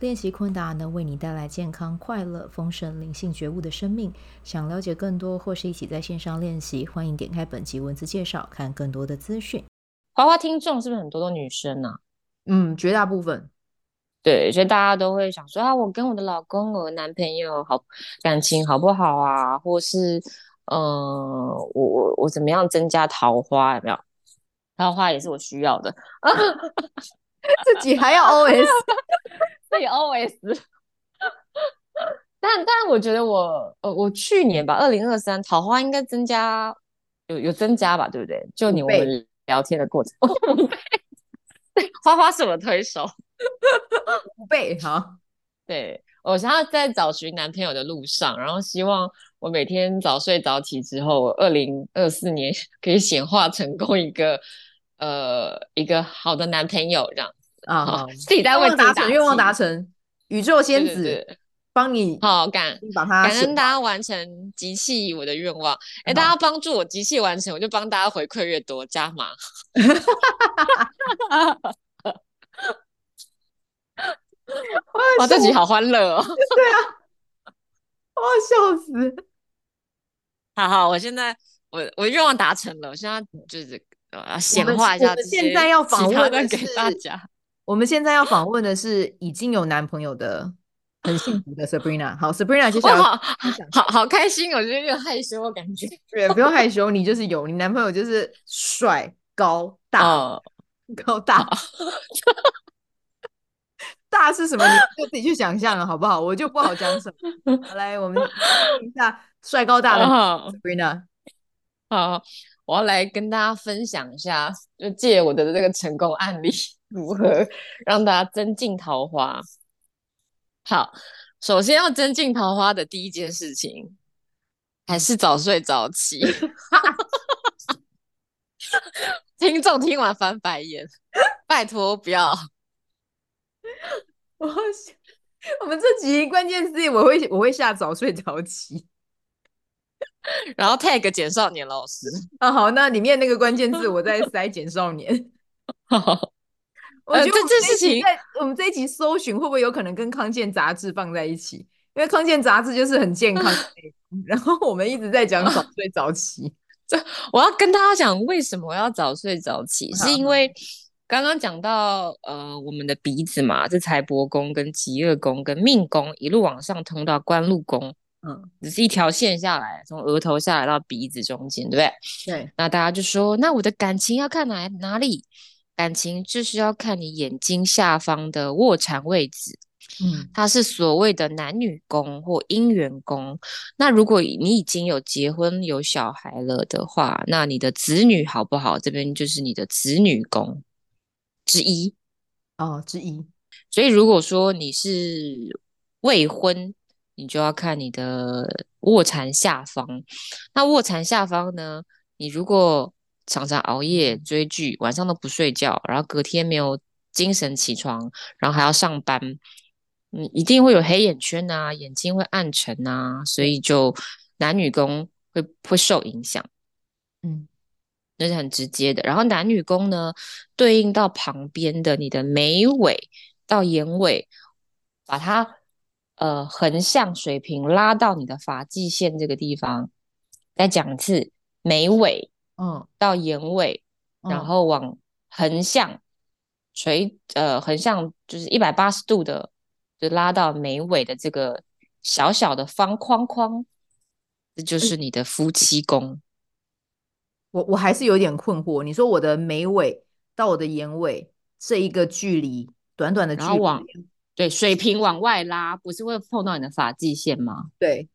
練習昆達能為你帶來健康、快樂、豐盛、靈性、覺悟的生命。想了解更多或是一起在線上練習，歡迎點開本集文字介紹，看更多的資訊。花花聽眾是不是很多都女生呢、啊？嗯，絕大部分。對，所以大家都會想說啊，我跟我的老公、我的男朋友好感情好不好啊？或是嗯、呃，我我我怎麼樣增加桃花？有沒有，桃花也是我需要的。 自己還要 OS。 always，但但我覺得我呃，我去年吧，二零二三桃花應該增加，有有增加吧，對不對？就你我們聊天的過程，五倍， 花花是我推手，五倍哈，對，我想要在找尋男朋友的路上，然後希望我每天早睡早起之後，二零二四年可以顯化成功一個呃一個好的男朋友這樣。啊！自己在為自己達成願望，達成，宇宙仙子幫你，好幹，把它，感恩大家完成集氣我的願望。哎，大家幫助我集氣完成，我就幫大家回饋越多，加碼。哇，這集好歡樂哦！對啊，哇，笑死！好好，我現在我我願望達成了，我現在就是啊，顯化一下，現在要訪問給大家。我們現在要訪問的是已經有男朋友的、很幸福的 Sabrina。好，Sabrina，接下來好好,好,好開心，我覺得有點害羞，我感覺對， 不用害羞，你就是有，你男朋友就是帥、高大、oh. 高大，oh. 大是什麼？你就自己去想象了，好不好？我就不好講什麼。好, 好，來，我們問一下帥高大的、oh. Sabrina 好。好，我要來跟大家分享一下，就借我的這個成功案例。 如何讓大家增進桃花？好，首先要增進桃花的第一件事情，還是早睡早起。 聽眾聽完翻白眼， 拜託不要。我好想，我們這集關鍵字，我會我會下早睡早起， 然後 tag 簡少年老師。啊，好，那裡面那個關鍵字，我再塞簡少年。 我覺得我這事情在我們這一集搜尋，會不會有可能跟康健雜誌放在一起？因為康健雜誌就是很健康的內容。然後我們一直在講早睡早起。 這我要跟大家講，為什麼我要早睡早起？是因為剛剛講到，呃，我們的鼻子嘛，這財帛宮、跟疾厄宮、跟命宮一路往上通到官祿宮。嗯，只是一條線下來，從額頭下來到鼻子中間，對不對？對。那大家就說，那我的感情要看哪哪裡？感情就是要看你眼睛下方的臥蠶位置，嗯，它是所謂的男女宮或姻緣宮。那如果你已經有結婚有小孩了的話，那你的子女好不好？這邊就是你的子女宮。之一，哦，之一。所以如果說你是未婚，你就要看你的臥蠶下方。那臥蠶下方呢？你如果常常熬夜追劇，晚上都不睡覺，然後隔天沒有精神起床，然後還要上班，嗯，一定會有黑眼圈啊，眼睛會暗沉啊，所以就男女宮會會受影響，嗯，那是很直接的。然後男女宮呢，對應到旁邊的你的眉尾到眼尾，把它呃橫向水平拉到你的髮際線這個地方，再講一次，眉尾。嗯，到眼尾，嗯、然後往橫向垂，呃，橫向就是一百八十度的，就拉到眉尾的這個小小的方框框，嗯、這就是你的夫妻宮。我我還是有點困惑，你說我的眉尾到我的眼尾這一個距離，短短的距離，對，水平往外拉，不是會碰到你的髮際線嗎？對。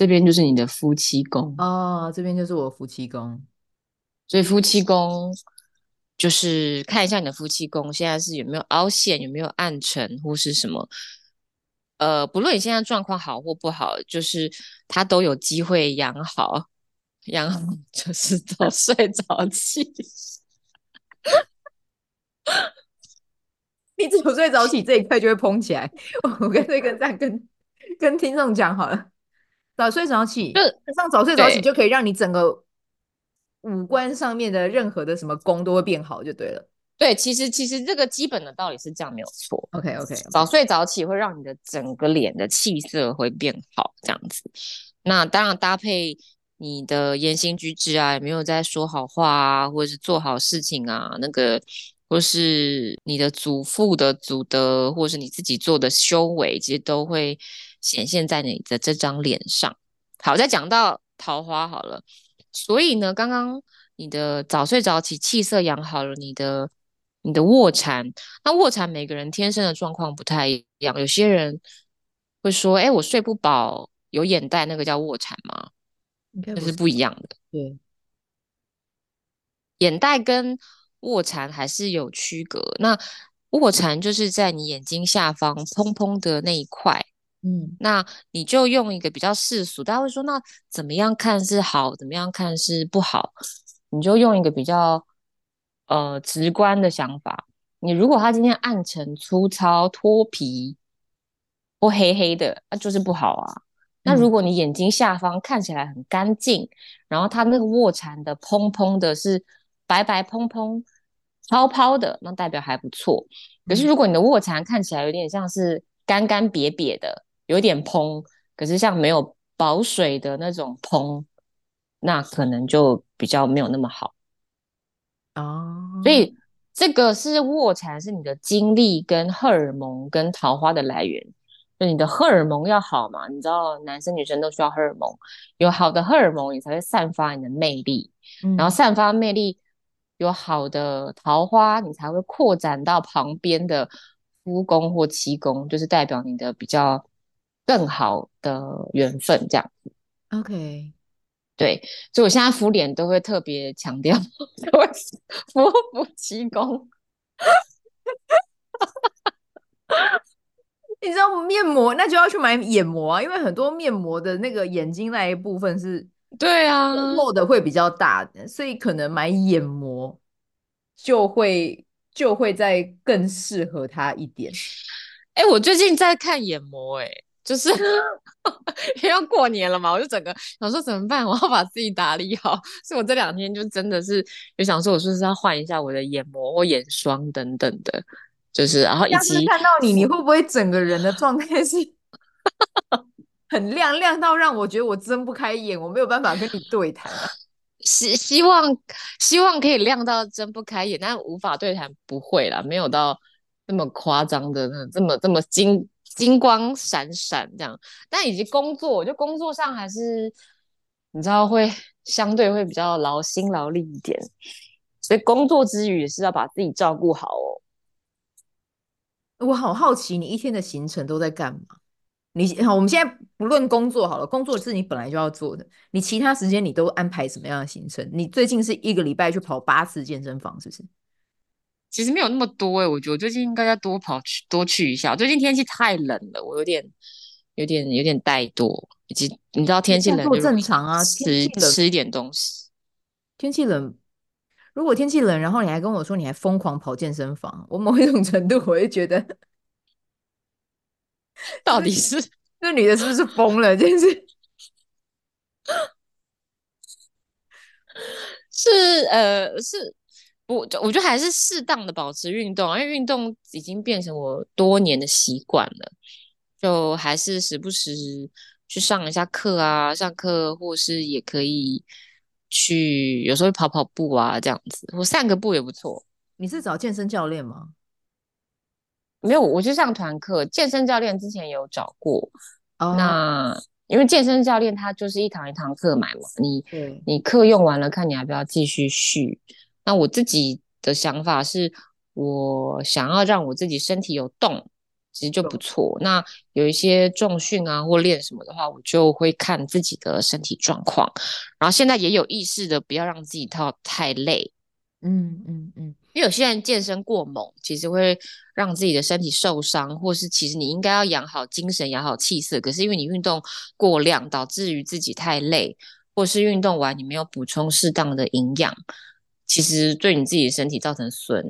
這邊就是你的夫妻宮啊、哦，這邊就是我的夫妻宮，所以夫妻宮就是看一下你的夫妻宮現在是有沒有凹陷，有沒有暗沉或是什麼？呃，不論你現在狀況好或不好，就是他都有機會養好，養好就是早睡早起。你只有睡早起這一塊就會蓬起來。 我跟這個在跟 跟聽眾講好了。早睡早起，就早睡早起就可以讓你整個五官上面的任何的什麼功都會變好，就對了。對，其實其實這個基本的道理是這樣，沒有錯。OK OK，okay. 早睡早起會讓你的整個臉的氣色會變好，這樣子。那當然搭配你的言行舉止啊，有沒有在說好話啊，或者是做好事情啊，那個，或是你的祖父的祖德，或是你自己做的修為，其實都會，顯現在你的這張臉上。好，再講到桃花好了。所以呢，剛剛你的早睡早起，氣色養好了你，你的你的臥蠶，那臥蠶每個人天生的狀況不太一樣。有些人會說：“哎、欸，我睡不飽，有眼袋，那個叫臥蠶嗎？”那是不一樣的。對，眼袋跟臥蠶還是有區隔。那臥蠶就是在你眼睛下方嘭嘭的那一塊。嗯，那你就用一個比較世俗，大家會說那怎麼樣看是好，怎麼樣看是不好？你就用一個比較呃直觀的想法。你如果他今天暗沉、粗糙、脫皮或黑黑的，那、啊、就是不好啊。嗯、那如果你眼睛下方看起來很乾淨，然後他那個臥蠶的蓬蓬的是白白蓬蓬，泡泡的，那代表還不錯。嗯、可是如果你的臥蠶看起來有點像是乾乾癟癟的，有點嘭，可是像沒有保水的那種嘭，那可能就比較沒有那麼好啊。Oh. 所以這個是臥蠶，是你的精力跟荷爾蒙跟桃花的來源。就你的荷爾蒙要好嘛，你知道，男生女生都需要荷爾蒙，有好的荷爾蒙，你才會散發你的魅力。Mm. 然後散發魅力，有好的桃花，你才會擴展到旁邊的夫宮或妻宮，就是代表你的比較。更好的緣分這樣子，OK，對，所以我現在敷臉都會特別強調我敷不濟其功，你知道面膜那就要去買眼膜啊，因為很多面膜的那個眼睛那一部分是，對啊，露的會比較大的，啊、所以可能買眼膜就會就會再更適合它一點。哎、欸，我最近在看眼膜、欸，哎。就是因為要過年了嘛，我就整個想說怎麼辦？我要把自己打理好。所以我這兩天就真的是有想說，我是不是要換一下我的眼膜或眼霜等等的。就是然後一直看到你，你會不會整個人的狀態是很亮，亮到讓我覺得我睜不開眼，我沒有辦法跟你對談。希，希望希望可以亮到睜不開眼，但是無法對談。不會啦，沒有到這麼誇張的，那這麼這麼精。金光閃閃這樣，但以及工作，就工作上還是你知道會相對會比較勞心勞力一點，所以工作之餘是要把自己照顧好哦。我好好奇你一天的行程都在幹嘛？你好，我們現在不論工作好了，工作是你本來就要做的，你其他時間你都安排什麼樣的行程？你最近是一個禮拜去跑八次健身房，是不是？其實沒有那麼多哎、欸，我覺得我最近應該要多跑去多去一下。最近天氣太冷了，我有點有點有點怠惰，以及你知道天氣冷不正常啊？吃吃一點東西。天氣冷，如果天氣冷，然後你還跟我說你還瘋狂跑健身房，我某一種程度，我會覺得到底是，是那女的是不是瘋了？真是是呃 是。呃是我就我覺得還是適當的保持運動，因為運動已經變成我多年的習慣了，就還是時不時去上一下課啊，上課或是也可以去，有時候跑跑步啊這樣子，我散個步也不錯。你是找健身教練嗎？沒有，我去上團課。健身教練之前有找過。哦，那因為健身教練他就是一堂一堂課買嘛，對你你課用完了，看你還不要繼續續續。那我自己的想法是，我想要讓我自己身體有動，其實就不錯。嗯、那有一些重訓啊或練什麼的話，我就會看自己的身體狀況。然後現在也有意識的不要讓自己太太累。嗯嗯嗯，嗯嗯因為有些人健身過猛，其實會讓自己的身體受傷，或是其實你應該要養好精神、養好氣色。可是因為你運動過量，導致於自己太累，或是運動完你沒有補充適當的營養。其實對你自己的身體造成損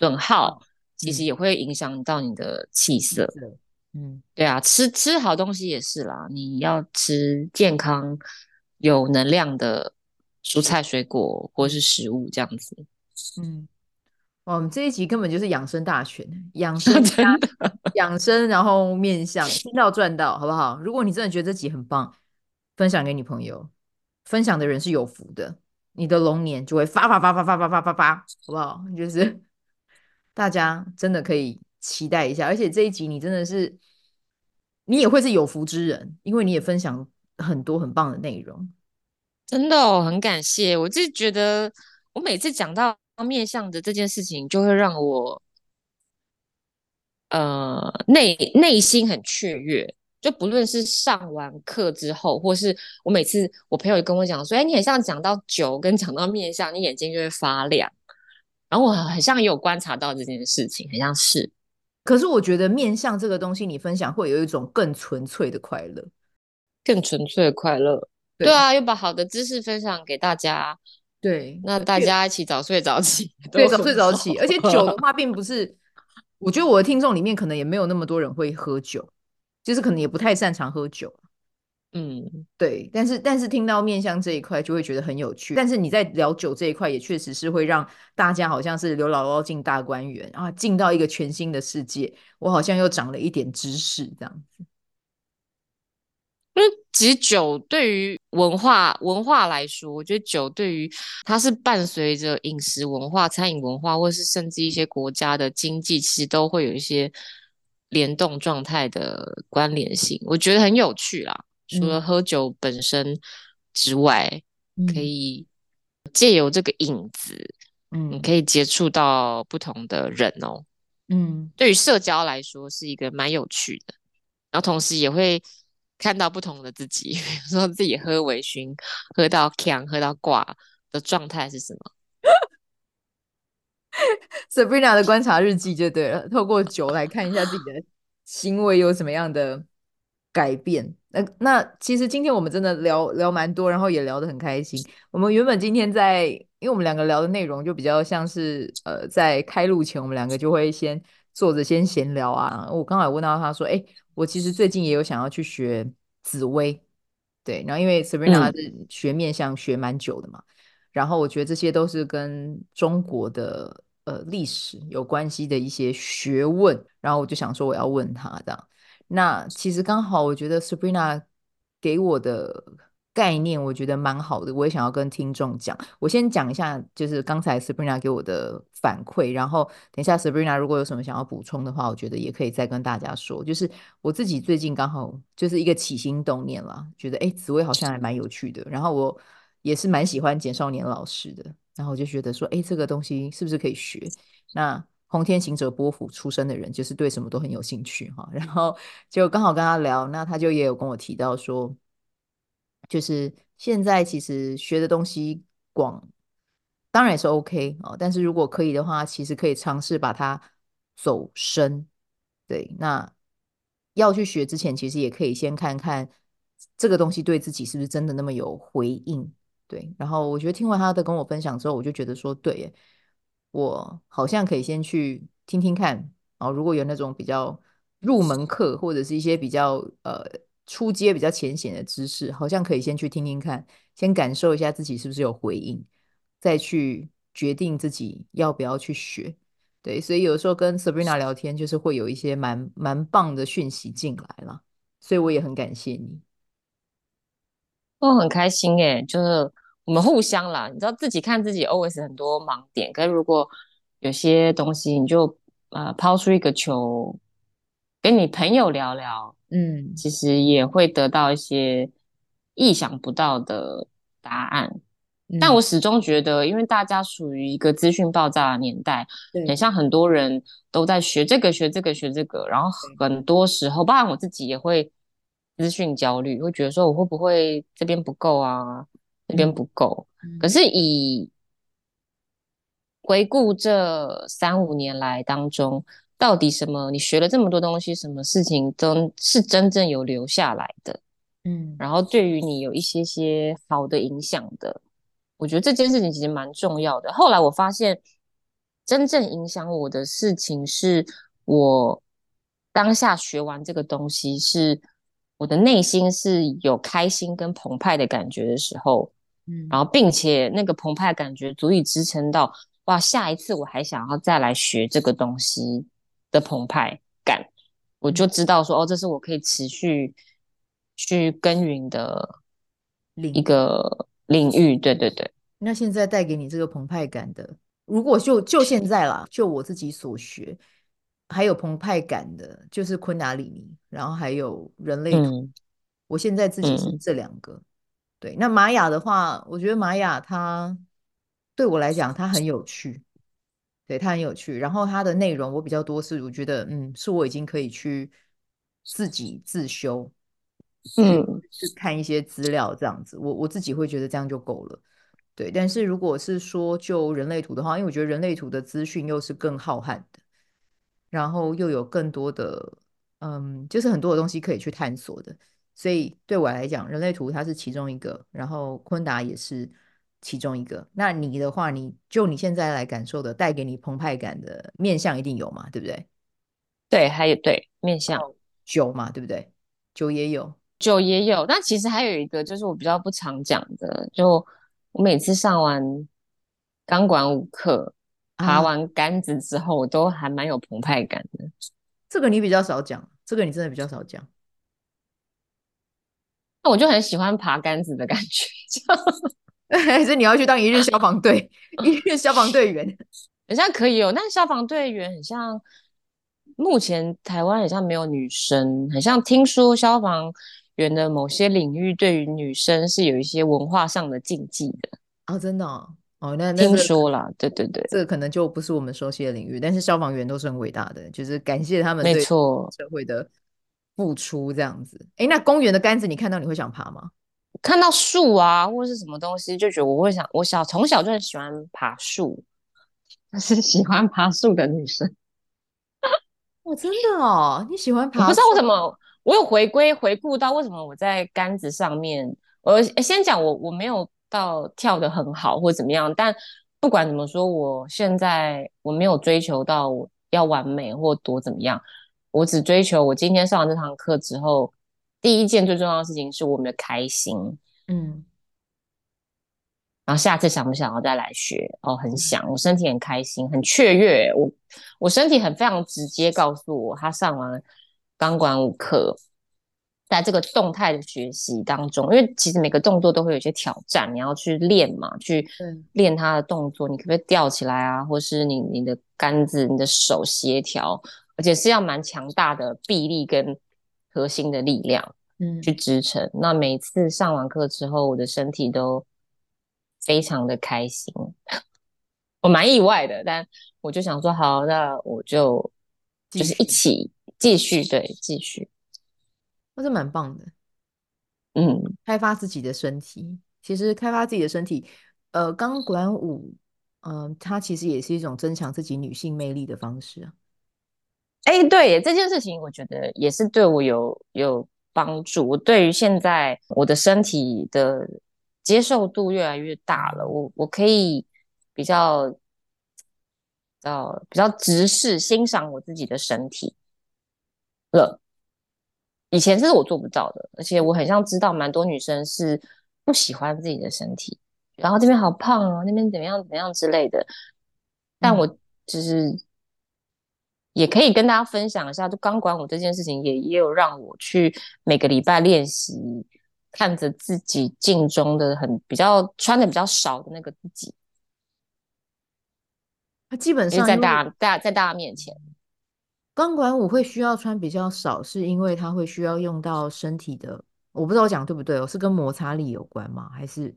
損耗，其實也會影響到你的氣色。嗯，嗯對啊，吃吃好東西也是啦。你要吃健康、有能量的蔬菜、水果、嗯、或是食物這樣子。嗯，我們這一集根本就是養生大全，養生加養生，然後面向聽 到賺到，好不好？如果你真的覺得這集很棒，分享給你朋友，分享的人是有福的。你的龍年就會發發發發發發發發發好不好？就是大家真的可以期待一下，而且這一集你真的是，你也會是有福之人，因為你也分享很多很棒的內容。真的哦，很感謝。我就覺得，我每次講到面向的這件事情，就會讓我呃內內心很雀躍。就不論是上完課之後，或是我每次我朋友跟我講說，哎、欸，你很像講到酒跟講到面相，你眼睛就會發亮。然後我很像也有觀察到這件事情，很像是。可是我覺得面相這個東西，你分享會有一種更純粹的快樂，更純粹的快樂。對，對啊，又把好的知識分享給大家。對，那大家一起早睡早起，對，對，早睡早起。而且酒的話，並不是， 我覺得我的聽眾裡面可能也沒有那麼多人會喝酒。就是可能也不太擅長喝酒，嗯，對，但是但是聽到面相這一塊就會覺得很有趣。但是你在聊酒這一塊，也確實是會讓大家好像是劉姥姥進大觀園啊，進到一個全新的世界，我好像又長了一點知識這樣子。嗯，其實酒對於文化文化來說，我覺得酒對於它是伴隨着飲食文化、餐飲文化，或是甚至一些國家的經濟，其實都會有一些。聯動狀態的關聯性，我覺得很有趣啦。除了喝酒本身之外，嗯、可以借由這個影子，嗯，你可以接觸到不同的人哦。嗯，對於社交來說是一個蠻有趣的，然後同時也會看到不同的自己，比如說自己喝微醺，喝到強，喝到掛的狀態是什麼？ Sabrina 的觀察日記就對了，透過酒來看一下自己的行為有什麼樣的改變。那那其實今天我們真的聊聊蠻多，然後也聊得很開心。我們原本今天在，因為我們兩個聊的內容就比較像是呃，在開錄前我們兩個就會先坐着先閒聊啊。我剛好問到他說，哎、欸，我其實最近也有想要去學紫薇，對。然後因為 Sabrina 學面相學蠻久的嘛，嗯、然後我覺得這些都是跟中國的。呃，歷史有關係的一些學問，然後我就想說我要問他這樣。那其實剛好，我覺得 Sabrina 給我的概念，我覺得蠻好的。我也想要跟聽眾講，我先講一下，就是剛才 Sabrina 給我的反饋。然後等一下 Sabrina 如果有什麼想要補充的話，我覺得也可以再跟大家說。就是我自己最近剛好就是一個起心動念了，覺得哎、欸，紫薇好像還蠻有趣的。然後我也是蠻喜歡簡少年老師的。然後我就覺得說，哎，這個東西是不是可以學？那紅天行者波符出生的人，就是對什麼都很有興趣哈。然後就剛好跟他聊，那他就也有跟我提到說，就是現在其實學的東西廣，當然也是 OK。但是如果可以的話，其實可以嘗試把它走深。對，那要去學之前，其實也可以先看看這個東西對自己是不是真的那麼有回應。對，然後我覺得聽完他的跟我分享之後，我就覺得說，對耶，我好像可以先去聽聽看哦，如果有那種比較入門課或者是一些比較呃初階比較淺顯的知識，好像可以先去聽聽看，先感受一下自己是不是有回應，再去決定自己要不要去學。對，所以有時候跟 Sabrina 聊天，就是會有一些蠻蠻棒的訊息進來了，所以我也很感謝你。都很開心耶，就是我們互相啦，你知道自己看自己，always 很多盲點。可是如果有些東西，你就啊、呃、拋出一個球，跟你朋友聊聊，嗯，其實也會得到一些意想不到的答案。嗯、但我始終覺得，因為大家屬於一個資訊爆炸的年代，嗯、很像很多人都在學這個、學這個、學這個，然後很多時候，嗯、包含我自己也會。資訊焦慮會覺得說我會不會這邊不夠啊，那邊不夠。嗯，。嗯、可是以回顧這三五年來當中，到底什麼你學了這麼多東西，什麼事情都是真正有留下來的，嗯，然後對於你有一些些好的影響的，我覺得這件事情其實蠻重要的。後來我發現，真正影響我的事情是我當下學完這個東西是。我的內心是有開心跟澎湃的感覺的時候，嗯，然後並且那個澎湃感覺足以支撐到，哇，下一次我還想要再來學這個東西的澎湃感，嗯，我就知道說，哦，這是我可以持續去耕耘的，一個領域。對對對。那現在帶給你這個澎湃感的，如果就就現在啦，是就我自己所學。還有澎湃感的，就是昆達里尼，然後還有人類圖。嗯、我現在自己是這兩個。嗯、對，那瑪雅的話，我覺得瑪雅它對我來講，它很有趣。對，它很有趣。然後它的內容，我比較多是我覺得，嗯，是我已經可以去自己自修，嗯，去看一些資料這樣子。我我自己會覺得這樣就夠了。對，但是如果是說就人類圖的話，因為我覺得人類圖的資訊又是更浩瀚的。然後又有更多的，嗯，就是很多的東西可以去探索的。所以對我來講，人類圖它是其中一個，然後昆達也是其中一個。那你的話，你就你現在來感受的，帶給你澎湃感的面相一定有嘛？對不對？對，還有對，面相，酒嘛，對不對？酒也有，酒也有。但其實還有一個，就是我比較不常講的，就我每次上完鋼管舞課。爬完杆子之後，嗯、都還蠻有澎湃感的。這個你比較少講，這個你真的比較少講。那我就很喜歡爬杆子的感覺。還是 你要去當一日消防隊， 一日消防隊員？很像可以哦。但消防隊員很像，目前台灣很像沒有女生。很像聽說消防員的某些領域，對於女生是有一些文化上的禁忌的啊、哦！真的、哦。哦，那那個聽說了，對對對，這個可能就不是我們熟悉的領域，但是消防員都是很偉大的，就是感謝他們對社會的付出這樣子。誒，沒錯、欸，那公園的杆子你看到你會想爬嗎？看到樹啊或者是什麼東西，就覺得我會想，我小從小就很喜歡爬樹，但 是喜歡爬樹的女生。哇、 哦，真的哦，你喜歡爬？我不知道為什麼，我有回歸回顧到為什麼我在杆子上面。我先講我我沒有。到跳得很好，或怎麼樣？但不管怎麼說，我現在我沒有追求到要完美或多怎麼樣，我只追求我今天上完這堂課之後，第一件最重要的事情是我們的開心。嗯，然後下次想不想要再來學？哦，很想，嗯、我身體很開心，很雀躍。我我身體很非常直接告訴我，他上完鋼管舞課。在這個動態的學習當中，因為其實每個動作都會有一些挑戰，你要去練嘛，去練它的動作，你可不可以吊起來啊？或是你你的桿子、你的手協調，而且是要蠻強大的臂力跟核心的力量去支撐。嗯、那每次上完課之後，我的身體都非常的開心， 我蠻意外的，但我就想說，好，那我就就是一起繼續對繼續。那是、哦、蠻棒的，嗯，開發自己的身體，其實開發自己的身體，呃，鋼管舞，嗯、呃，它其實也是一種增強自己女性魅力的方式啊。哎、欸，對，這件事情，我覺得也是對我有有幫助。我對於現在我的身體的接受度越來越大了，我我可以比較，啊，比較直視欣賞我自己的身體了。以前這是我做不到的，而且我很想知道蠻多女生是不喜歡自己的身體，然後這邊好胖哦，那邊怎麼樣怎麼樣之類的。但我就是也可以跟大家分享一下，就鋼管舞這件事情也，也也有讓我去每個禮拜練習，看着自己鏡中的很比較穿的比較少的那個自己，他基本上在大大家在大家面前。鋼管舞會需要穿比較少，是因為它會需要用到身體的。我不知道我講對不對，我是跟摩擦力有關嗎？還是，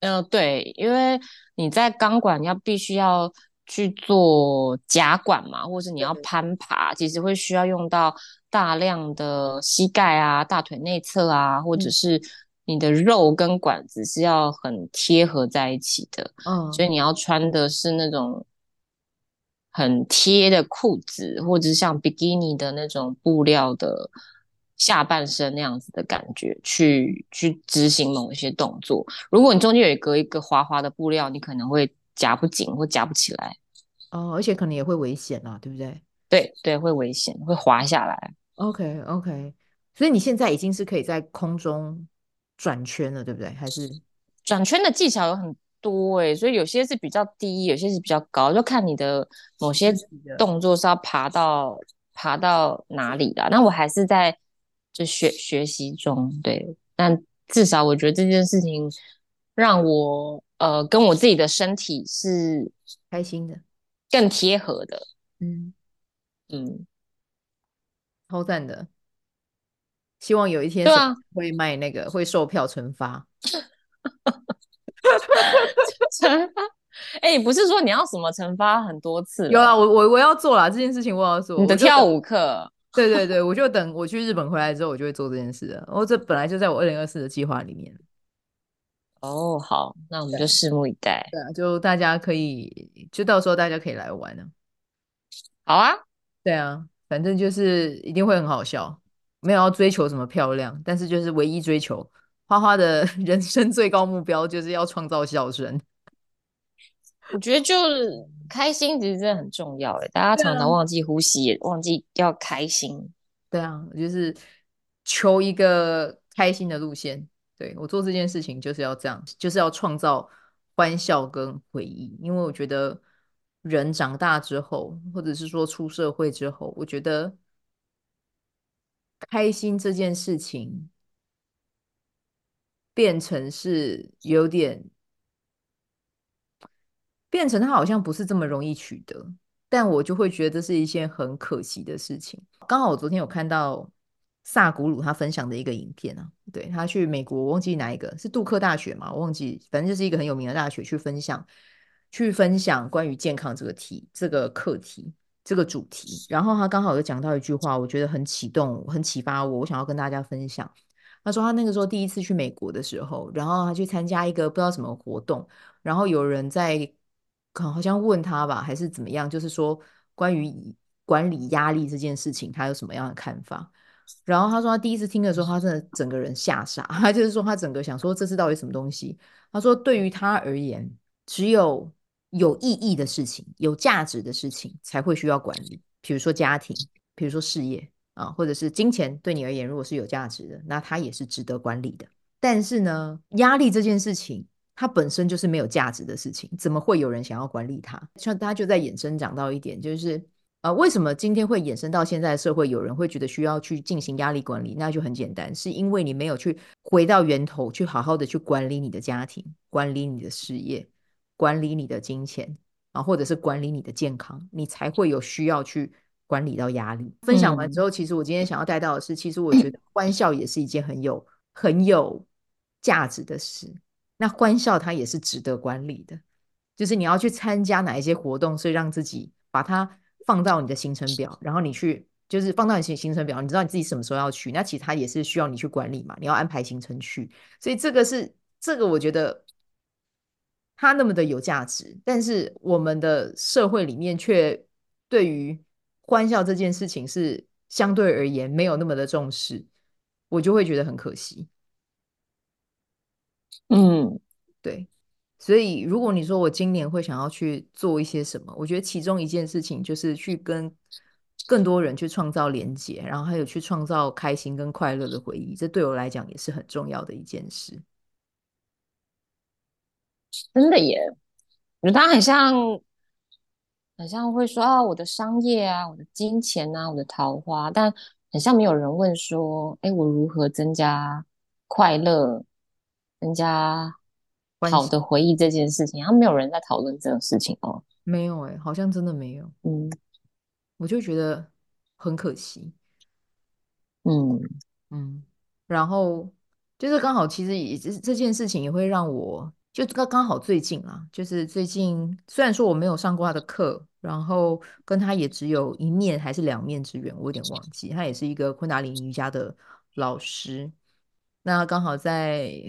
嗯、呃，對，因為你在鋼管要必須要去做夾管嘛，或者是你要攀爬，嗯、其實會需要用到大量的膝蓋啊、大腿內側啊，嗯、或者是你的肉跟管子是要很貼合在一起的，嗯，所以你要穿的是那種。很貼的褲子，或者是像比基尼的那種布料的下半身那樣子的感覺，去去執行某一些動作。如果你中間有一個，一個滑滑的布料，你可能會夾不緊，或夾不起來。哦，而且可能也會危險了、啊，對不對？對對，會危險，會滑下來。OK OK，所以你現在已經是可以在空中轉圈了，對不對？還是轉圈的技巧有很。多哎，所以有些是比較低，有些是比較高，就看你的某些動作是要爬到爬到哪裡的。那我還是在就學學習中，對。但至少我覺得這件事情讓我呃跟我自己的身體是開心的，更貼合的。嗯嗯，超讚的。希望有一天會賣那個吧會售票存發。 懲罰？哎、 欸，不是說你要什麼懲罰很多次？有啊，我我我要做了這件事情，我要做。你的跳舞課，對對對，我就等我去日本回來之後， 我就會做這件事。啊。哦，這本來就在我二零二四的計劃裡面。哦，oh, 好，那我們就拭目以待。對啊，就大家可以，就到時候大家可以來玩呢，啊。好啊，對啊，反正就是一定會很好笑。沒有要追求什麼漂亮，但是就是唯一追求。花花的人生最高目標就是要創造笑聲。我覺得就是開心，其實真的很重要。的。大家常常忘記呼吸，啊、也忘記要開心。對啊，就是求一個開心的路線。對，我做這件事情就是要這樣，就是要創造歡笑跟回憶。因為我覺得人長大之後，或者是說出社會之後，我覺得開心這件事情，變成是有點，變成他好像不是這麼容易取得，但我就會覺得這是一件很可惜的事情。剛好我昨天有看到薩古魯他分享的一個影片，啊、對，他去美國，我忘記哪一個是杜克大學嘛，我忘記，反正就是一個很有名的大學去分享，去分享關於健康這個題、這個課題、這個主題。然後他剛好有講到一句話，我覺得很啟動、很啟發我，我想要跟大家分享。他說他那個時候第一次去美國的時候，然後他去參加一個不知道什麼活動，然後有人在好像問他吧，還是怎麼樣，就是說關於管理壓力這件事情，他有什麼樣的看法？然後他說他第一次聽的時候，他真的整個人嚇傻，他就是說他整個想說這是到底是什麼東西？他說對於他而言，只有有意義的事情、有價值的事情才會需要管理，比如說家庭，比如說事業。啊，或者是金錢對你而言如果是有價值的，那它也是值得管理的。但是呢，壓力這件事情它本身就是沒有價值的事情，怎麼會有人想要管理它？像他就在衍生講到一點，就是啊、呃，為什麼今天會衍生到現在社會，有人會覺得需要去進行壓力管理？那就很簡單，是因為你沒有去回到源頭，去好好的去管理你的家庭，管理你的事業，管理你的金錢，啊、呃，或者是管理你的健康，你才會有需要去。管理到壓力，嗯、分享完之後，其實我今天想要帶到的是，其實我覺得歡笑也是一件很有很有價值的事。那歡笑它也是值得管理的，就是你要去參加哪一些活動，所以讓自己把它放到你的行程表，然後你去就是放到你的行程表，你知道你自己什麼時候要去，那其實它也是需要你去管理嘛，你要安排行程去。所以這個是這個，我覺得它那麼的有價值，但是我們的社會裡面卻對於歡笑這件事情是相對而言沒有那麼的重視，我就會覺得很可惜。嗯，對。所以如果你說我今年會想要去做一些什麼，我覺得其中一件事情就是去跟更多人去創造連接，然後還有去創造開心跟快樂的回憶，這對我來講也是很重要的一件事。真的耶，我覺得很像。好像會說啊，我的商業啊，我的金錢啊，我的桃花，但很像沒有人問說，哎，我如何增加快樂、增加好的回憶這件事情，然後沒有人在討論這種事情哦。沒有哎、欸，好像真的沒有。嗯，我就覺得很可惜。嗯嗯，然後就是剛好，其實也這，這件事情也會讓我。就剛剛好最近啊，就是最近雖然說我沒有上過他的課，然後跟他也只有一面還是兩面之緣，我有點忘記。他也是一個昆達里尼瑜伽的老師，那剛好在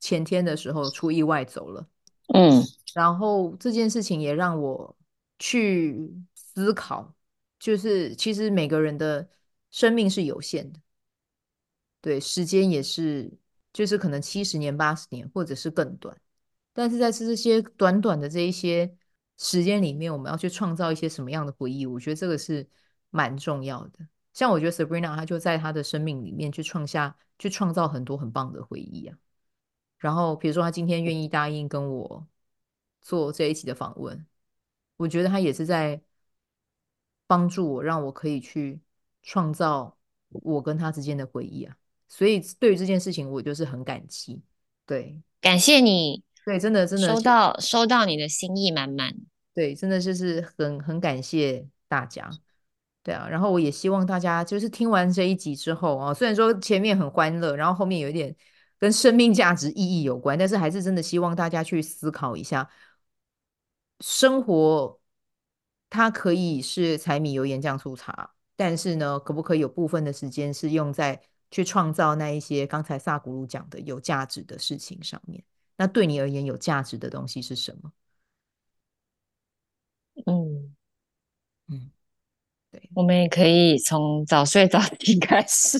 前天的時候出意外走了，嗯，然後這件事情也讓我去思考，就是其實每個人的生命是有限的，對，時間也是，就是可能七十年，八十年，或者是更短。但是在是這些短短的這一些時間裡面，我們要去創造一些什麼樣的回憶？我覺得這個是蠻重要的。像我覺得 Sabrina，她就在她的生命裡面去創下去創造很多很棒的回憶啊。然後比如說她今天願意答應跟我做這一期的訪問，我覺得她也是在幫助我，讓我可以去創造我跟她之間的回憶啊。所以對於這件事情，我就是很感激。對，感謝你。對，真的真的收到收到你的心意滿滿。對，真的就是很很感謝大家。對啊，然後我也希望大家就是聽完這一集之後啊，雖然說前面很歡樂，然後後面有一點跟生命價值意義有關，但是還是真的希望大家去思考一下，生活它可以是柴米油鹽醬醋茶，但是呢，可不可以有部分的時間是用在去創造那一些剛才薩古魯講的有價值的事情上面？那對你而言有價值的東西是什麼？嗯嗯，對，我們也可以從早睡早起開始。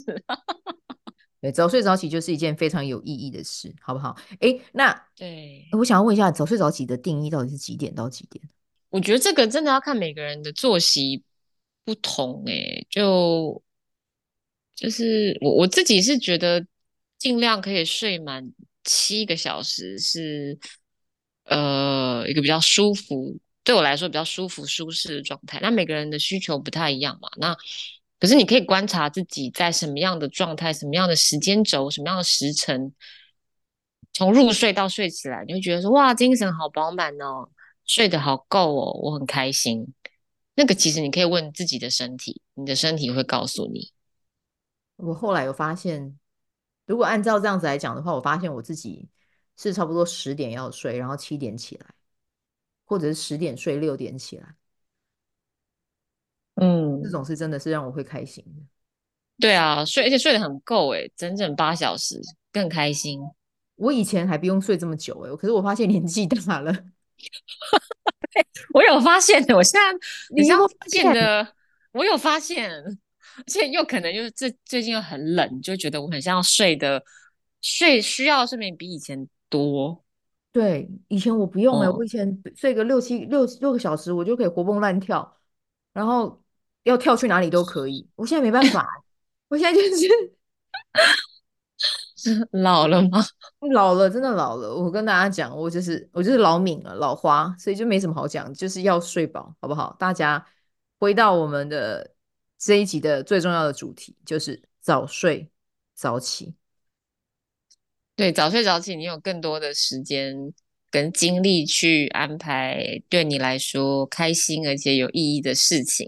對，早睡早起就是一件非常有意義的事，好不好？哎、欸，那對、欸，我想要問一下，早睡早起的定義到底是幾點到幾點？我覺得這個真的要看每個人的作息不同、欸，哎，就就是我我自己是覺得儘量可以睡滿。七個小時是呃一個比較舒服，對我來說比較舒服舒適的狀態。那每個人的需求不太一樣嘛，那可是你可以觀察自己在什麼樣的狀態、什麼樣的時間軸、什麼樣的時辰。從入睡到睡起來，你會覺得說哇，精神好飽滿哦，睡得好夠哦，我很開心。那個其實你可以問自己的身體，你的身體會告訴你。我後來有發現。如果按照這樣子來講的話，我發現我自己是差不多十點要睡，然後七點起來，或者是十點睡六點起來，嗯，這種是真的是讓我會開心的。對啊，睡而且睡得很夠哎、欸，整整八小時，更開心。我以前還不用睡這麼久哎、欸，可是我發現年紀大了， 我有發現，我現在變得你有沒有發現的？我有發現。而且又可能就是最最近又很冷，就覺得我很像睡的睡需要睡眠比以前多。對，以前我不用了。嗯、我以前睡個六七六六個小時，我就可以活蹦亂跳，然後要跳去哪裡都可以。是我現在沒辦法， 我現在就是， 是老了嗎？老了，真的老了。我跟大家講，我就是我就是老敏了，老花，所以就沒什麼好講，就是要睡飽，好不好？大家回到我們的。這一集的最重要的主題就是早睡早起。對，早睡早起，你有更多的時間跟精力去安排對你來說開心而且有意義的事情。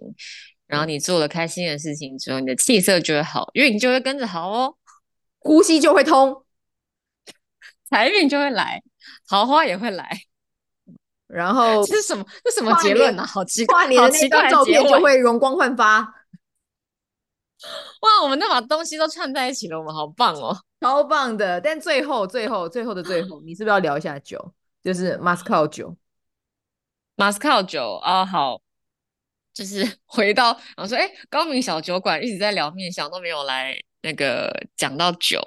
然後你做了開心的事情之後，你的氣色就會好，因為你就會跟着好哦，呼吸就會通，財運就會來，桃花也會來。然後這是什麼？這什麼結論呢、啊？好奇怪！跨年的那個照片就會容光煥發。哇，我們都把東西都串在一起了，我們好棒哦，超棒的！但最後、最後、最後的最後， 你是不是要聊一下酒？就是馬斯克酒，馬斯克酒啊，好，就是回到我說，誒、欸、高敏小酒館一直在聊面相，都沒有來那個講到酒，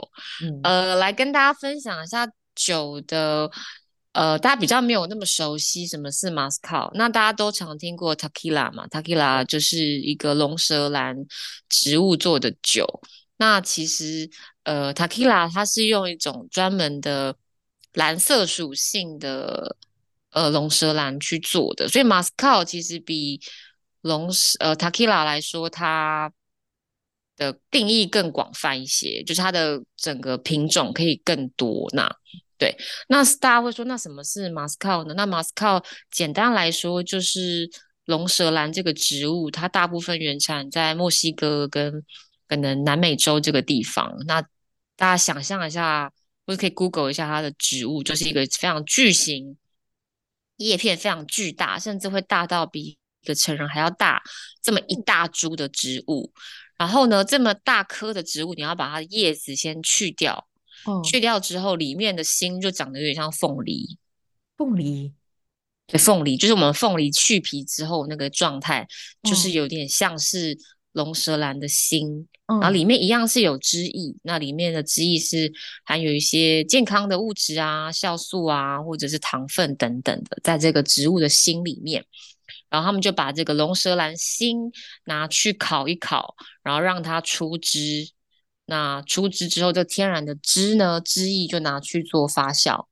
嗯、呃，來跟大家分享一下酒的。呃，大家比較沒有那麼熟悉什麼是馬斯考，那大家都常聽過 Tequila 嘛，Tequila 就是一個龍舌蘭植物做的酒。那其實，呃，Tequila 它是用一種專門的藍色屬性的呃龍舌蘭去做的，所以馬斯考其實比龍呃 Tequila 來說，它的定義更廣泛一些，就是它的整個品種可以更多。那對，那大家會說，那什麼是馬斯考呢？那馬斯考簡單來說，就是龍舌蘭這個植物，它大部分原產在墨西哥跟可能南美洲這個地方。那大家想象一下，或者可以 Google 一下它的植物，就是一個非常巨型葉片，非常巨大，甚至會大到比一個成人還要大這麼一大株的植物。然後呢，這麼大棵的植物，你要把它的葉子先去掉。去掉之後，裡面的心就長得有點像鳳梨。鳳梨，對，鳳梨就是我們鳳梨去皮之後那個狀態，嗯、就是有點像是龍舌蘭的心，嗯、然後裡面一樣是有汁液。那裡面的汁液是含有一些健康的物質啊、酵素啊，或者是糖分等等的，在這個植物的心裡面。然後他們就把這個龍舌蘭心拿去烤一烤，然後讓它出汁。那出汁之後，這天然的汁呢，汁液就拿去做發酵。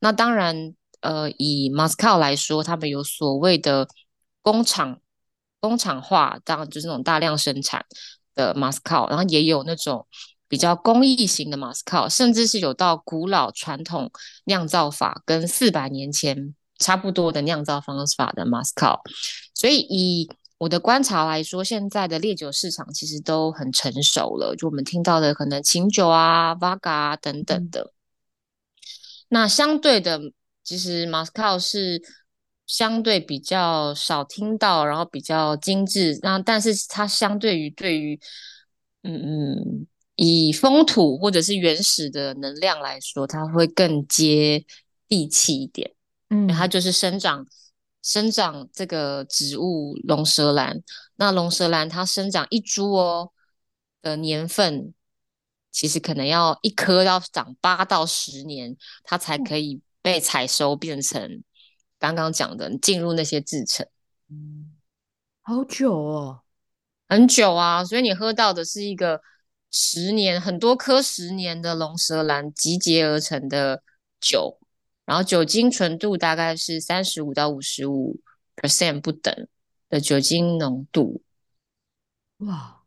那當然，呃，以 Mezcal 來說，他們有所謂的工廠工廠化，當然就是那種大量生產的 Mezcal。然後也有那種比較工藝型的 Mezcal，甚至是有到古老傳統釀造法跟四百年前差不多的釀造方法的 Mezcal。所以以我的觀察來說，現在的烈酒市場其實都很成熟了。就我們聽到的，可能琴酒啊、Vaga、啊、等等的。嗯、那相對的，其實馬斯卡是相對比較少聽到，然後比較精緻。那但是它相對於對於，嗯嗯，以風土或者是原始的能量來說，它會更接地氣一點。嗯，它就是生長。生長這個植物龍舌蘭，那龍舌蘭它生長一株哦的年份，其實可能要一棵要長八到十年，它才可以被採收變成剛剛講的進入那些製程。嗯，好久哦，很久啊，所以你喝到的是一個十年，很多棵十年的龍舌蘭集結而成的酒。然後酒精純度大概是三十五到五十五 percent 不等的酒精濃度，哇，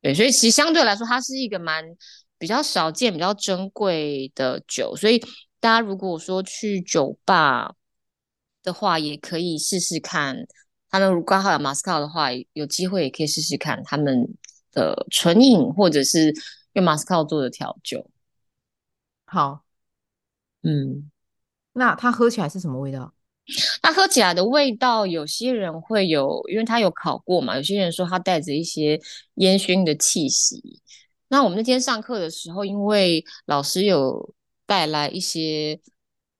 對，所以其實相對來說，它是一個蠻比較少見、比較珍貴的酒。所以大家如果說去酒吧的話，也可以試試看他們如果剛好有馬斯卡的話，話有機會也可以試試看他們的純飲，或者是用馬斯卡做的調酒。好。嗯，那它喝起來是什麼味道？那喝起來的味道，有些人會有，因為它有烤過嘛。有些人說它帶着一些煙燻的氣息。那我們那天上課的時候，因為老師有帶來一些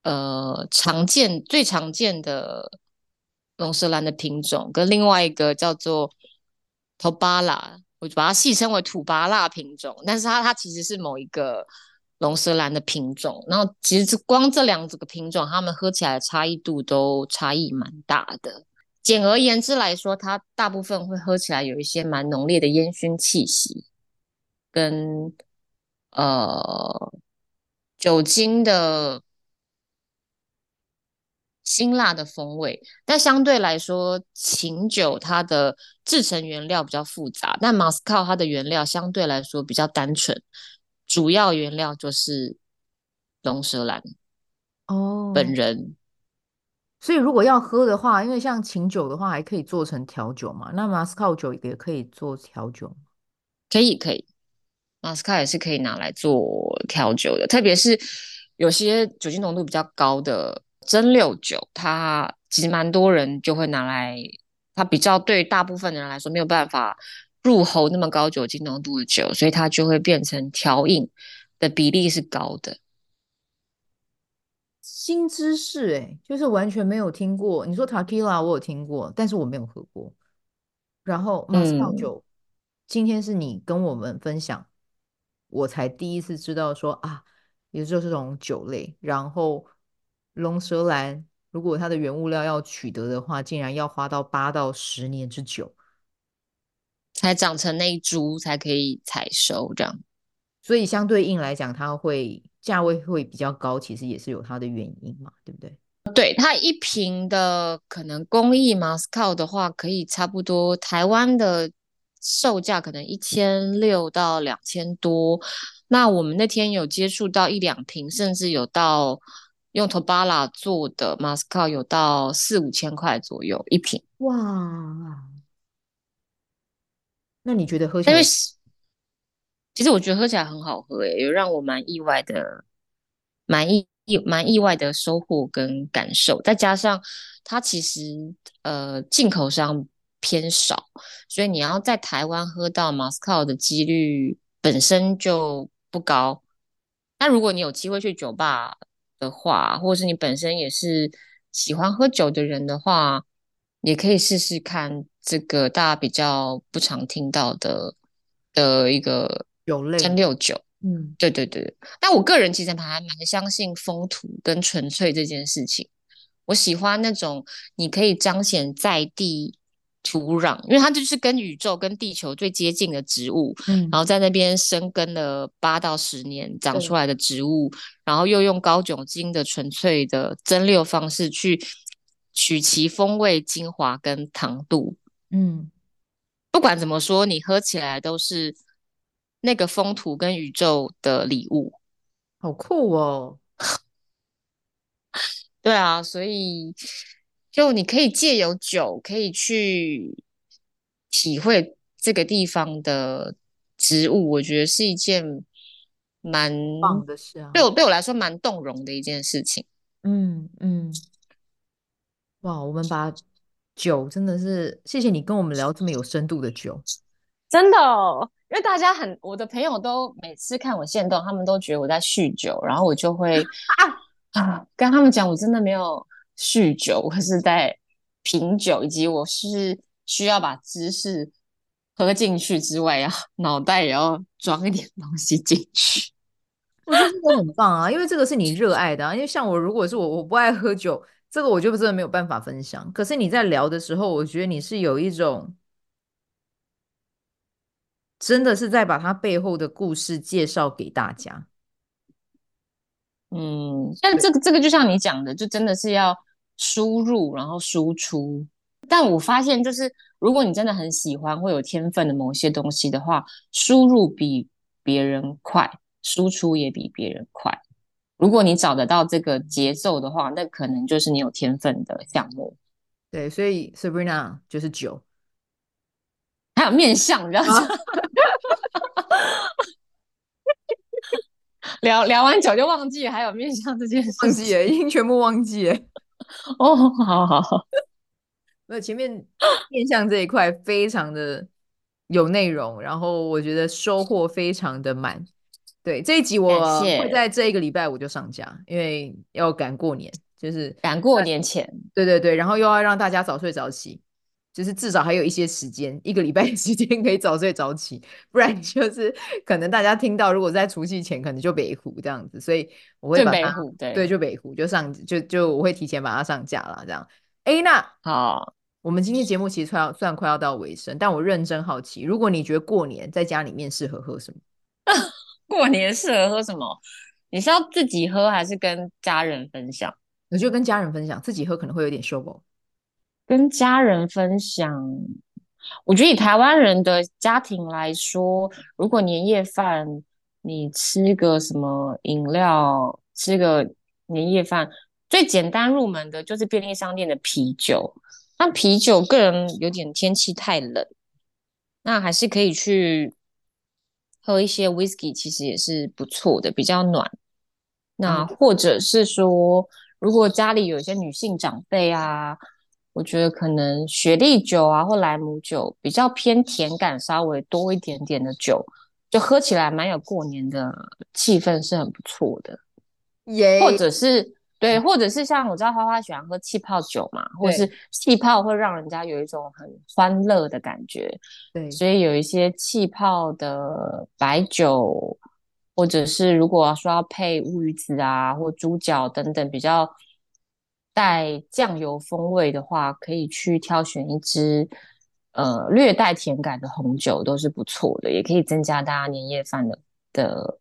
呃常見最常見的龍舌蘭的品種，跟另外一個叫做 Tobala，我就把它戲稱為土巴辣品種，但是它它其實是某一個。龍舌蘭的品種，然後其實光這兩個品種，它們喝起來的差異度都差異蠻大的。簡而言之來說，它大部分會喝起來有一些蠻濃烈的煙燻氣息，跟呃酒精的辛辣的風味。但相對來說，琴酒它的制成原料比較複雜，但馬斯克它的原料相對來說比較單純。主要原料就是龍舌蘭哦，本人。所以如果要喝的話，因為像琴酒的話還可以做成調酒嘛，那馬斯卡酒也可以做調酒可可以可以。馬斯卡也是可以拿來做調酒的，特別是有些酒精濃度比較高的蒸餾酒，它其實蠻多人就會拿來，它比較對大部分的人來說沒有辦法。入喉那麼高酒精濃度的酒，所以它就會變成調飲的比例是高的新知識誒、欸，就是完全沒有聽過。你說 Tequila 我有聽過，但是我沒有喝過。然後馬斯島酒，嗯、今天是你跟我們分享，我才第一次知道說啊，也就是這種酒類。然後龍舌蘭，如果它的原物料要取得的話，竟然要花到八到十年之久。才長成那一株才可以採收。這樣，所以相對應來講，它會價位會比較高其實也是有它的原因嘛，對不對？對，它一瓶的可能工藝馬斯卡爾的話，可以差不多台灣的售價可能一千六到兩千多。嗯、那我們那天有接觸到一兩瓶，甚至有到用 Tobala 做的馬斯卡爾，有到四五千塊左右一瓶。哇。那你覺得喝起來？但是其實我覺得喝起來很好喝，誒，有讓我蠻意外的，蠻意蠻意外的收穫跟感受。再加上它其實呃進口商偏少，所以你要在台灣喝到馬斯卡的幾率本身就不高。那如果你有機會去酒吧的話，或者是你本身也是喜歡喝酒的人的話，也可以試試看。這個大家比較不常聽到的的一個種類蒸餾酒，嗯，對對對，但我個人其實還蠻相信風土跟純粹這件事情。我喜歡那種你可以彰顯在地土壤，因為它就是跟宇宙、跟地球最接近的植物，嗯，然後在那邊生根了八到十年長出來的植物，對然後又用高酒精的純粹的蒸餾方式去取其風味精華跟糖度。嗯，不管怎麼說，你喝起來都是那個風土跟宇宙的禮物，好酷哦！ 對啊，所以就你可以借由酒，可以去體會這個地方的植物，我覺得是一件蠻棒的，是啊，我對我來說蠻動容的一件事情。嗯嗯，哇，嗯，wow, 我們把。酒真的是謝謝你跟我們聊這麼有深度的酒，真的、哦，因為大家很我的朋友都每次看我限動，他們都覺得我在酗酒，然後我就會啊，啊跟他們講，我真的沒有酗酒，我是在品酒，以及我是需要把知識喝進去之外，要腦袋也要裝一點東西進去。我覺得這個很棒啊， 因為這個是你熱愛的、啊，因為像我如果是我我不愛喝酒。這個我就真的沒有辦法分享。可是你在聊的時候，我覺得你是有一種，真的是在把它背後的故事介紹給大家。嗯，對但這個這個就像你講的，就真的是要輸入，然後輸出。但我發現，就是如果你真的很喜歡或有天分的某些東西的話，輸入比別人快，輸出也比別人快。如果你找得到這個節奏的話，那可能就是你有天分的項目。對，所以 Sabrina 就是酒，還有面相，然後 聊聊完酒就忘記還有面相這件事情，忘記了，已經全部忘記了哦， oh, 好好好，沒有 前面面相這一塊非常的有內容，然後我覺得收穫非常的滿。對，這一集我會在這一個禮拜我就上架，因為要趕過年，就是趕過年前。對對對，然後又要讓大家早睡早起，就是至少還有一些時間，一個禮拜的時間可以早睡早起，不然就是可能大家聽到，如果在除夕前可能就北湖這樣子，所以我會把它對就北湖，就，北湖就上就就我會提前把它上架啦這樣。哎，那好，我們今天節目其實算、嗯、快要到尾聲，但我認真好奇，如果你覺得過年在家裡面適合喝什麼？ 過年適合喝什麼？你是要自己喝還是跟家人分享？我覺得跟家人分享，自己喝可能會有點羞澀。跟家人分享，我覺得以台灣人的家庭來說，如果年夜飯你吃個什麼飲料，吃個年夜飯，最簡單入門的就是便利商店的啤酒。但啤酒個人有點天氣太冷，那還是可以去。喝一些 whisky 其實也是不錯的，比較暖。那或者是說，如果家裡有一些女性長輩啊，我覺得可能雪莉酒啊或萊姆酒比較偏甜感稍微多一點點的酒，就喝起來蠻有過年的氣氛，是很不錯的。耶，Yeah. 或者是。對，或者是像我知道花花喜歡喝氣泡酒嘛，對或者是氣泡會讓人家有一種很歡樂的感覺。對，所以有一些氣泡的白酒，或者是如果說要配烏魚子啊或豬腳等等比較帶醬油風味的話，可以去挑選一支呃略帶甜感的紅酒都是不錯的，也可以增加大家年夜飯的的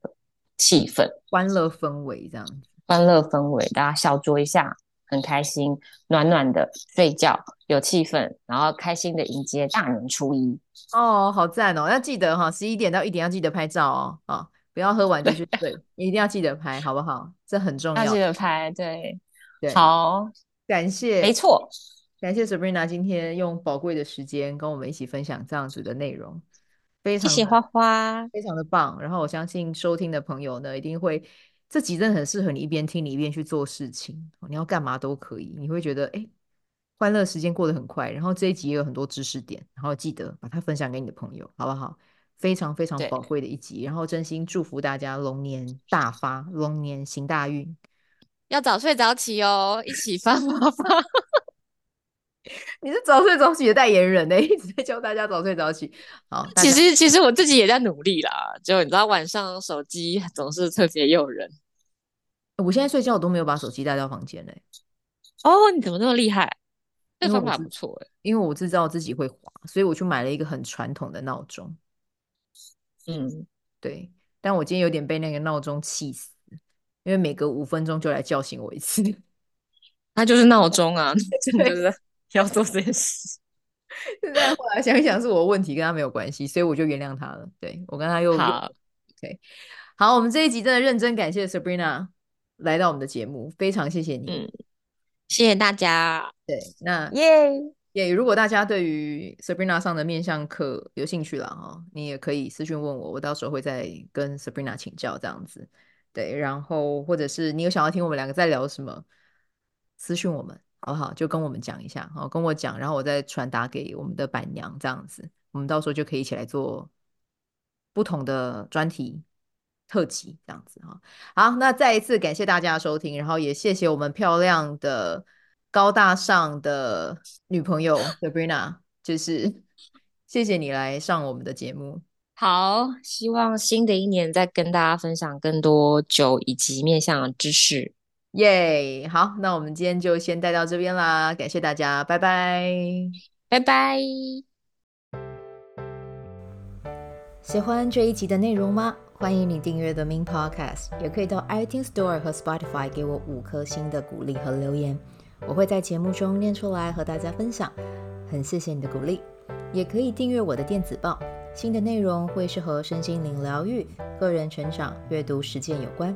氣氛、歡樂氛圍這樣子。歡樂氛圍，大家小酌一下，很開心，暖暖的睡覺，有氣氛，然後開心的迎接大年初一。哦，好贊哦！要記得哈，十一點到一點要記得拍照哦，哦不要喝完就去睡，對一定要記得拍，好不好？這很重要。要記得拍，對，對。好，感謝，沒錯，感謝，謝 Sabrina 今天用寶貴的時間跟我們一起分享這樣子的內容，非常謝謝花花，非常的棒。然後我相信收聽的朋友呢，一定會。這集真的很適合你一邊聽，你一邊去做事情。你要幹嘛都可以，你會覺得哎、欸，歡樂時間過得很快。然後這一集也有很多知識點，然後記得把它分享給你的朋友，好不好？非常非常寶貴的一集，對然後真心祝福大家龍年大發，龍年行大運，要早睡早起哦，一起發發發。 你是早睡早起的代言人呢、欸，一直在教大家早睡早起。好，其實其實我自己也在努力啦，就你知道晚上手機總是特別誘人。哦、我現在睡覺我都沒有把手機帶到房間呢、欸。哦，你怎麼那麼厲害？這方法不錯哎、欸，因為我知道自己會滑，所以我就買了一個很傳統的鬧鐘。嗯，嗯，對，但我今天有點被那個鬧鐘氣死，因為每隔五分鐘就來叫醒我一次。那就是鬧鐘啊， 對不對？ 要做這件事。現在後來想一想，是我的問題，跟他沒有關係， 所以我就原諒他了。對我跟他又好，OK。好，我們這一集真的認真感謝 Sabrina 來到我們的節目，非常謝謝你，嗯、謝謝大家。對，那耶耶。Yeah yeah, 如果大家對於 Sabrina 上的面向課有興趣了哈，你也可以私訊問我，我到時候會再跟 Sabrina 請教這樣子。對，然後或者是你有想要聽我們兩個在聊什麼，私訊我們。好好，就跟我們講一下，好跟我講，然後我再傳達給我們的板娘這樣子，我們到時候就可以一起來做不同的專題特輯這樣子哈。好，那再一次感謝大家的收聽，然後也謝謝我們漂亮的高大上的女朋友 Sabrina， 就是謝謝你來上我們的節目。好，希望新的一年再跟大家分享更多酒以及面向知識。耶！Yeah, 好，那我們今天就先帶到這邊啦，感謝大家，拜拜，拜拜。喜歡這一集的內容嗎？歡迎你訂閱 The Min Podcast，也可以到 iTunes Store 和 Spotify 給我五顆星的鼓勵和留言，我會在節目中念出來和大家分享，很謝謝你的鼓勵。也可以訂閱我的電子報，新的內容會是和身心靈療癒、個人成長、閱讀實踐有關。